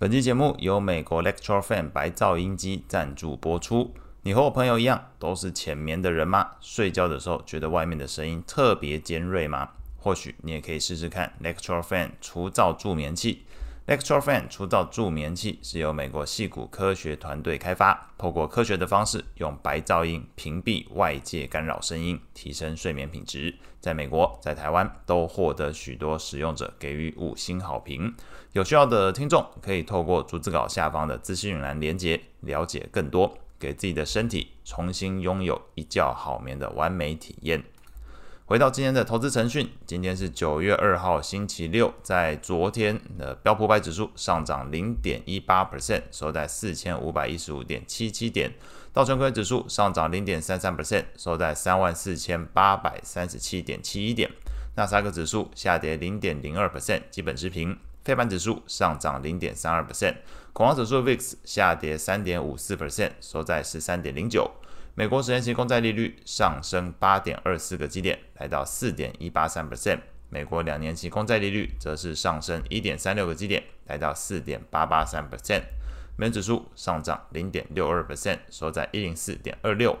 本期節目由美國 LectroFan 白噪音機贊助播出。你和我朋友一樣，都是淺眠的人嗎？睡覺的時候覺得外面的聲音特別尖銳嗎？或許你也可以試試看 LectroFan 除噪助眠器。Extra Fan 出造助眠器是由美國脊骨科學團隊開發，透過科學的方式，用白噪音屏蔽外界干擾聲音，提升睡眠品質。在美國，在台灣都獲得許多使用者給予五星好評。有需要的聽眾可以透過逐字稿下方的資訊欄連接了解更多，給自己的身體重新擁有一覺好眠的完美體驗。回到今天的投資晨訊，今天是九月二號星期六，在昨天的標普五百指數上漲零點一八 percent，收在四千五百一十五點七七點；道瓊斯指數上漲零點三三 percent，收在三萬四千八百三十七點七一點；納斯達克指數下跌零點零二 percent，基本持平；費半指數上漲零點三二 percent；恐慌指數 VIX 下跌三點五四 percent，收在十三點零九。美國十年期公債利率上升八點二四個基點，來到四點一八三 percent。美國兩年期公債利率則是上升一點三六個基點，來到四點八八三 percent。美元指數上漲零點六二 percent，收在一零四點二六。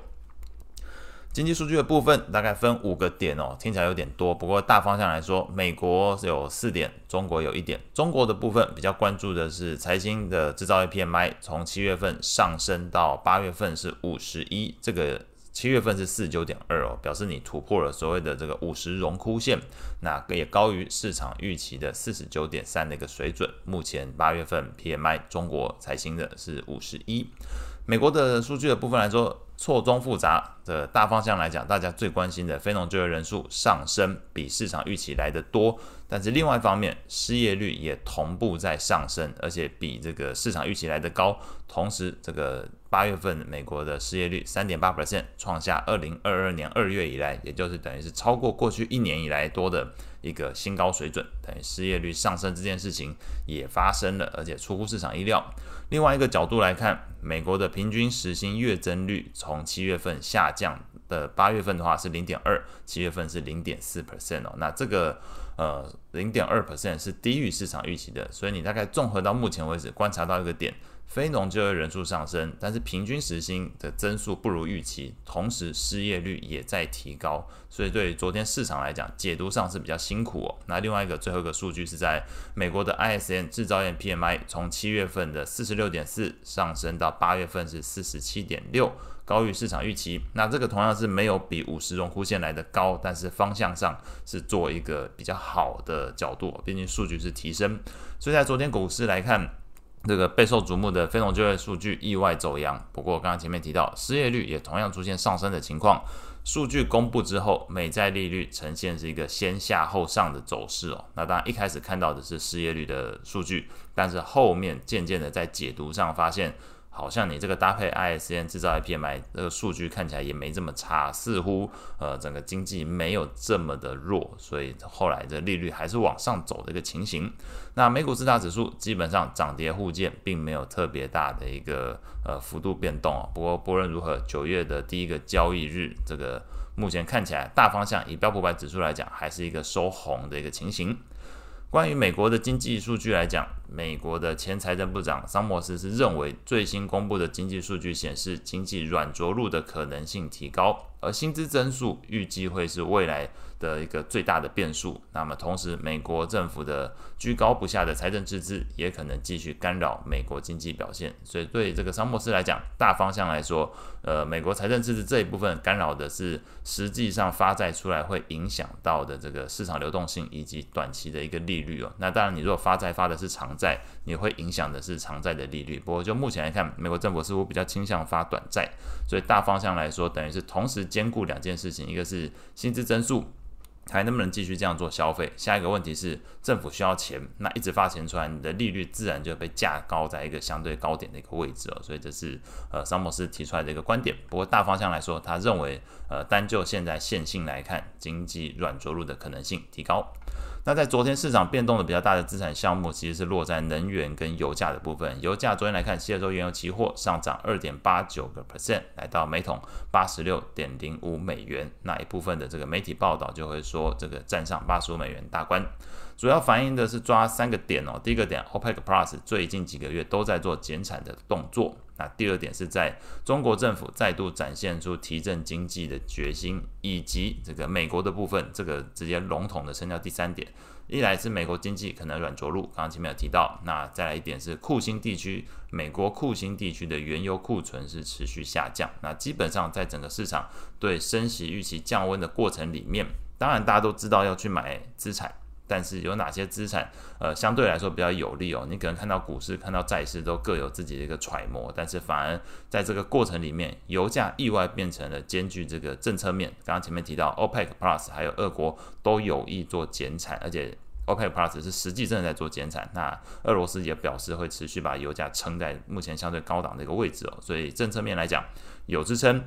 經濟數據的部分大概分五個點哦，聽起來有點多，不過大方向來說，美國有四點，中國有一點。中國的部分比較關注的是財經的製造業 PMI，從七月份上升到八月份是五十一，這個七月份是四九點二哦，表示你突破了所謂的這個五十榮枯線，那個、也高於市場預期的四十九點三的一個水準。目前八月份 PMI 中國財經的是五十一。美國的數據的部分來說，錯綜複雜的大方向來講，大家最關心的非農就業人數上升比市場預期來得多，但是另外一方面，失業率也同步在上升，而且比這個市場預期來得高。同時，這個八月份美國的失業率三點八百分創下二零二二年二月以來，也就是等於是超過過去一年以來多的。一個新高水準，等於失業率上升這件事情也發生了，而且出乎市場意料。另外一個角度來看，美國的平均時薪月增率從七月份下降的八月份的話是零點二，七月份是零點四 percent 哦。那這個呃零點二 percent 是低於市場預期的，所以你大概綜合到目前為止觀察到一個點。非農就業人數上升，但是平均時薪的增速不如預期，同時失業率也在提高，所以對於昨天市場來講，解讀上是比較辛苦哦。那另外一個最後一個數據是在美國的 ISM 製造業 PMI 從七月份的四十六點四上升到八月份是四十七點六，高於市場預期。那這個同樣是沒有比五十榮枯線來的高，但是方向上是做一個比較好的角度，畢竟數據是提升。所以在昨天股市來看。這個備受矚目的非農就業數據意外走揚，不過剛剛前面提到，失業率也同樣出現上升的情況。數據公布之後，美債利率呈現是一個先下後上的走勢哦。那當然一開始看到的是失業率的數據，但是後面漸漸的在解讀上發現。好像你這個搭配 ISM 製造業 PMI 這個數據看起來也沒這麼差，似乎呃整個經濟沒有這麼的弱，所以後來的利率還是往上走的一個情形。那美股四大指數基本上漲跌互見，並沒有特別大的一個呃幅度變動啊。不過不論如何，九月的第一個交易日，這個目前看起來大方向以標普百指數來講，還是一個收紅的一個情形。關於美國的經濟數據來講，美國的前財政部長桑默斯是認為，最新公布的經濟數據顯示，經濟軟着陸的可能性提高，而薪資增速預計會是未來的一個最大的變數。那麼，同時，美國政府的居高不下的財政赤字也可能繼續干擾美國經濟表現。所以，對這個桑默斯來講，大方向來說，呃，美國財政赤字這一部分干擾的是，實際上發債出來會影響到的這個市場流動性以及短期的一個利率哦。那當然，你如果發債發的是長。債，你會影響的是長債的利率。不過就目前來看，美國政府似乎比較傾向發短債，所以大方向來說，等於是同時兼顧兩件事情：一個是薪資增速還能不能繼續這樣做消費；下一個問題是政府需要錢，那一直發錢出來，你的利率自然就被架高在一個相對高點的一個位置哦。所以這是呃，桑默斯提出來的一個觀點。不過大方向來說，他認為呃，單就現在線性來看，經濟軟着陸的可能性提高。那在昨天市場變動的比較大的資產項目，其實是落在能源跟油價的部分。油價昨天來看，西德州原油期貨上漲二點八九個 percent，來到每桶八十六點零五美元。那一部分的這個媒體報道就會說，這個站上八十五美元大關，主要反映的是抓三個點哦。第一個點，OPEC Plus 最近幾個月都在做減產的動作。那第二點是在中國政府再度展現出提振經濟的決心，以及這個美國的部分，這個直接籠統的稱叫第三點。一來是美國經濟可能軟着陸，剛剛前面有提到。那再來一點是庫欣地區，美國庫欣地區的原油庫存是持續下降。那基本上在整個市場對升息預期降溫的過程裡面，當然大家都知道要去買資產。但是有哪些資產，呃，相對來說比較有利哦？你可能看到股市、看到債市都各有自己的一個揣摩，但是反而在這個過程裡面，油價意外變成了兼具這個政策面。剛剛前面提到 OPEC Plus 還有俄國都有意做減產，而且 OPEC Plus 是實際正在做減產，那俄羅斯也表示會持續把油價撐在目前相對高檔的一個位置哦。所以政策面來講有支撐。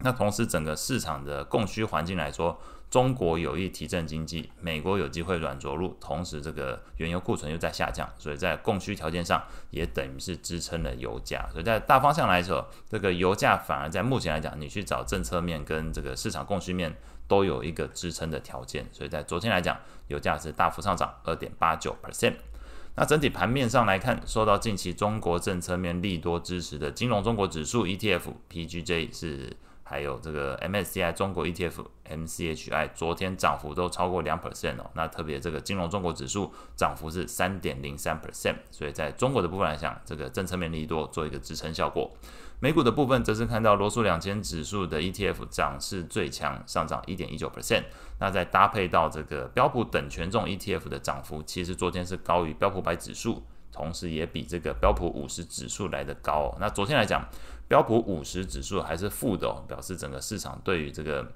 那同時，整個市場的供需環境來說，中國有意提振經濟，美國有機會軟着陸，同時這個原油庫存又在下降，所以在供需條件上也等於是支撐了油價。所以在大方向來說，這個油價反而在目前來講，你去找政策面跟這個市場供需面都有一個支撐的條件。所以在昨天來講，油價是大幅上漲2.89%。那整體盤面上來看，受到近期中國政策面利多支持的金龍中國指數 ETF PGJ 是。還有這個 MSCI 中國 ETF MCHI，昨天漲幅都超過兩 percent，那特別這個金龍中國指數漲幅是三點零三 percent，所以在中國的部分來講，這個政策面利多做一個支撐效果。美股的部分則是看到羅素兩千指數的 ETF 漲勢最強，上漲一點一九 percent。那再搭配到這個標普等權重 ETF 的漲幅，其實昨天是高於標普百指數，同時也比這個標普五十指數來得高。那昨天來講。標普五十指數還是負的，哦，表示整個市場對於這個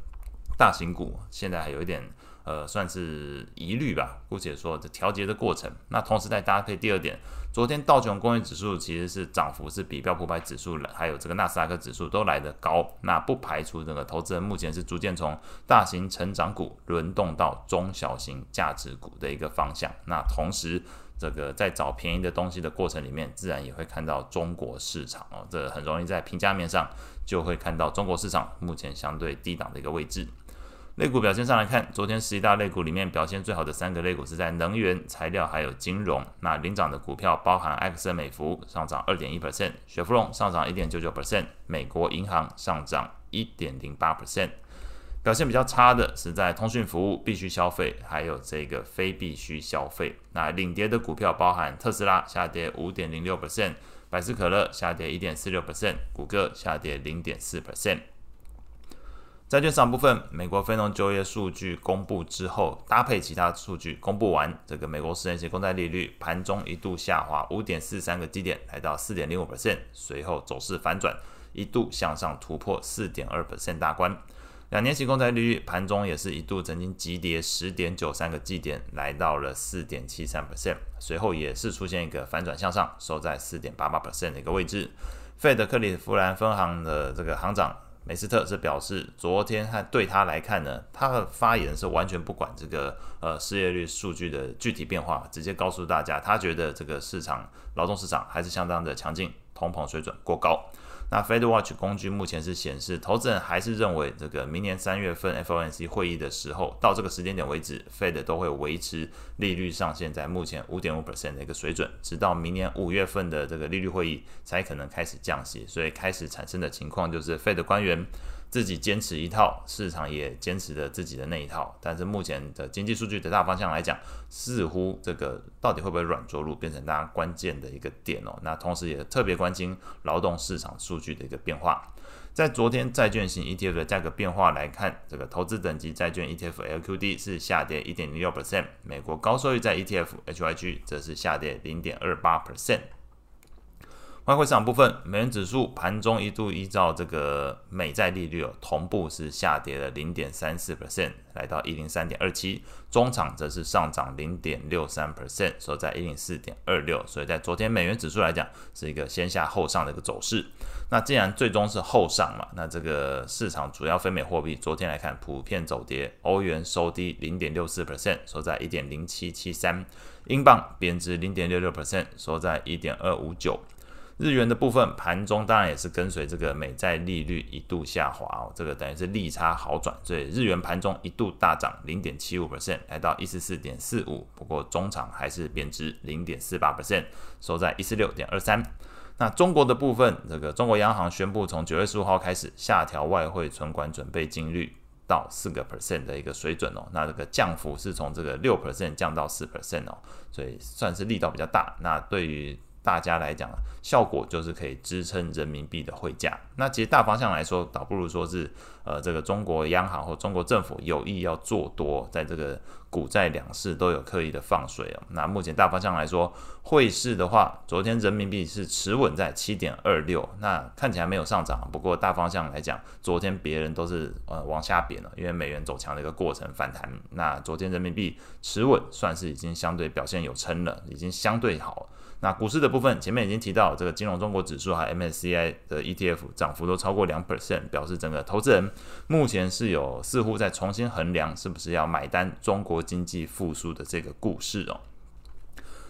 大型股現在還有一點呃算是疑慮吧。姑且說這調節的過程。那同時再搭配第二點，昨天道瓊工業指數其實是漲幅是比標普五百指數還有這個納斯達克指數都來得高。那不排除這個投資人目前是逐漸從大型成長股輪動到中小型價值股的一個方向。那同時。這個在找便宜的東西的過程裡面，自然也會看到中國市場哦，這很容易在評價面上就會看到中國市場目前相對低檔的一個位置。類股表現上來看，昨天十一大類股裡面表現最好的三個類股是在能源、材料還有金融。那領漲的股票包含埃克森美孚上漲二點一 percent，雪佛龍上漲一點九九 percent，美國銀行上漲一點零八 percent。表現比較差的是在通訊服務必須消費，還有這個非必須消費。那領跌的股票包含特斯拉下跌五點零六 percent，百事可樂下跌一點四六 percent，谷歌下跌零點四 percent。債券市場部分，美國非農,農就業數據公布之後，搭配其他數據公布完，這個美國十年期公債利率盤中一度下滑五點四三個基點，來到四點零五 percent，隨後走勢反轉，一度向上突破四點二 percent 大關。兩年期公債利率盤中也是一度曾經急跌十點九三個基點，來到了四點七三 percent，隨後也是出現一個反轉向上，收在四點八八 percent 的一個位置。費德克里夫蘭分行的這個行長梅斯特是表示，昨天還對他來看呢，他的發言是完全不管這個呃失業率數據的具體變化，直接告訴大家，他覺得這個市場勞動市場還是相當的強勁，通膨水準過高。那 Fed Watch 工具目前是顯示，投資人還是認為這個明年三月份 FOMC 會議的時候，到這個時間點為止，Fed 都會維持利率上限在目前五點五 percent 的一個水準，直到明年五月份的這個利率會議才可能開始降息。所以開始產生的情況就是，Fed 官員。自己堅持一套，市場也堅持着自己的那一套，但是目前的經濟數據的大方向來講，似乎這個到底會不會軟着陸，變成大家關鍵的一個點哦。那同時也特別關心勞動市場數據的一個變化。在昨天債券型 ETF 的價格變化來看，這個投資等級債券 ETF LQD 是下跌一點零六 percent，美國高收益債 ETF HYG 則是下跌零點二八 percent。外匯市場部分，美元指數盤中一度依照這個美債利率同步是下跌了零點三四 percent，來到一零三點二七。終場則是上漲零點六三 percent，收在104.26。所以在昨天美元指數來講，是一個先下後上的一個走勢。那既然最終是後上嘛，那這個市場主要非美貨幣昨天來看普遍走跌，歐元收低零點六四 percent，收在一點零七七三；英鎊貶值零點六六 percent，收在一點二五九。日元的部分，盤中當然也是跟隨這個美債利率一度下滑哦，這個等於是利差好轉，所以日元盤中一度大漲零點七五 percent，來到一四四點四五，不過中場還是貶值零點四八 percent，收在一四六點二三。那中國的部分，這個中國央行宣布從九月十五號開始下調外匯存款準備金率到四個 percent 的一個水準哦，那這個降幅是從這個六 percent 降到四 percent 哦，所以算是力道比較大。那對於大家來講，效果就是可以支撐人民幣的匯價。那其實大方向來說，倒不如說是，呃，這個中國央行或中國政府有意要做多，在這個股債兩市都有刻意的放水啊。那目前大方向來說，匯市的話，昨天人民幣是持穩在七點二六，那看起來沒有上漲。不過大方向來講，昨天別人都是呃往下貶了，因為美元走強的一個過程反彈。那昨天人民幣持穩，算是已經相對表現有撐了，已經相對好。那股市的部分，前面已經提到，這個金龍中國指數和 MSCI 的 ETF 漲幅都超過兩 percent，表示整個投資人目前是有似乎在重新衡量，是不是要買單中國經濟復甦的這個故事哦。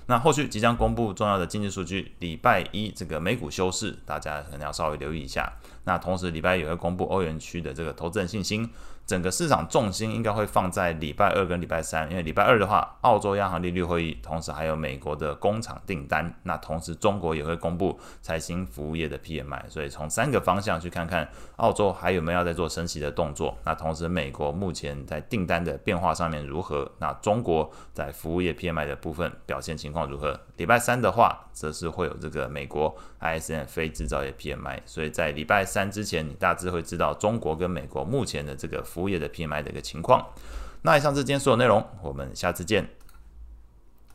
那後續即將公布重要的經濟數據，禮拜一這個美股休市，大家可能要稍微留意一下。那同時禮拜一也會公布歐元區的這個投資人信心。整個市場重心應該會放在禮拜二跟禮拜三，因為禮拜二的話，澳洲央行利率會議，同時還有美國的工廠訂單，那同時中國也會公布財新服務業的 PMI，所以從三個方向去看看澳洲還有沒有在做升息的動作。那同時美國目前在訂單的變化上面如何？那中國在服務業 PMI 的部分表現情況如何？禮拜三的話，則是會有這個美國 ISM 非制造業 PMI，所以在禮拜三之前，你大致會知道中國跟美國目前的這個。服務業的 PMI 的一個情況。那以上是今天所有內容，我們下次見。